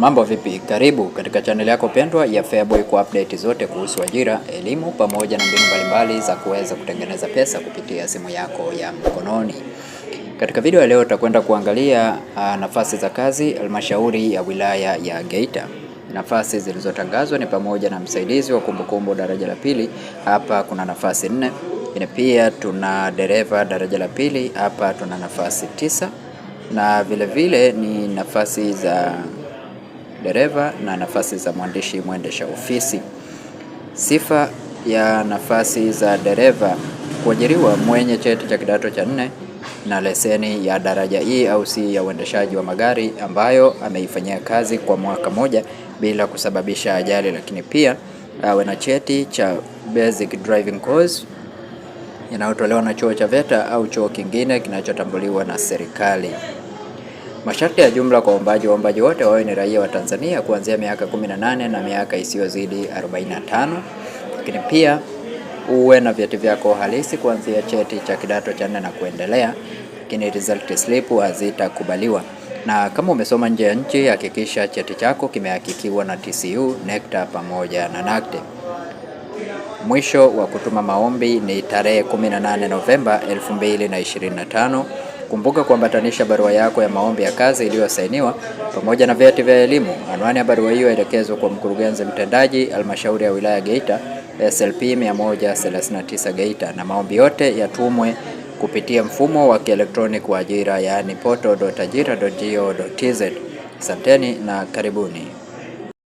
Mambo vipi? Karibu katika chaneli yako pendwa ya Feaboy kwa update zote kuhusu ajira, elimu pamoja na mbinu mbalimbali za kuweza kutengeneza pesa kupitia simu yako ya mkononi. Katika video ya leo tutakwenda kuangalia ah, nafasi za kazi halmashauri ya wilaya ya Geita. Nafasi zilizotangazwa ni pamoja na msaidizi wa kumbukumbu daraja la pili, hapa kuna nafasi nne. Pia tuna dereva daraja la pili, hapa tuna nafasi tisa, na vilevile vile ni nafasi za dereva na nafasi za mwandishi mwendesha ofisi. Sifa ya nafasi za dereva: kuajiriwa mwenye cheti cha kidato cha nne na leseni ya daraja E au C ya uendeshaji wa magari ambayo ameifanyia kazi kwa mwaka moja bila kusababisha ajali, lakini pia awe na cheti cha basic driving course inayotolewa na chuo cha VETA au chuo kingine kinachotambuliwa na serikali. Masharti ya jumla kwa waombaji waombaji wote wawe ni raia wa Tanzania kuanzia miaka 18 na miaka isiyozidi 45, lakini pia uwe na vyeti vyako halisi kuanzia cheti cha kidato cha nne na kuendelea, lakini result slip hazitakubaliwa. Na kama umesoma nje ya nchi, hakikisha cheti chako kimehakikiwa na TCU, NECTA pamoja na NACTE. Mwisho wa kutuma maombi ni tarehe 18 Novemba 2025. Kumbuka kuambatanisha barua yako ya maombi ya kazi iliyosainiwa pamoja na vyeti vya elimu. Anwani ya barua hiyo elekezwa kwa mkurugenzi mtendaji, halmashauri ya wilaya Geita, SLP 139 Geita, na maombi yote yatumwe kupitia mfumo wa kielektroniki wa ajira, yaani poto.ajira.go.tz. Asanteni na karibuni.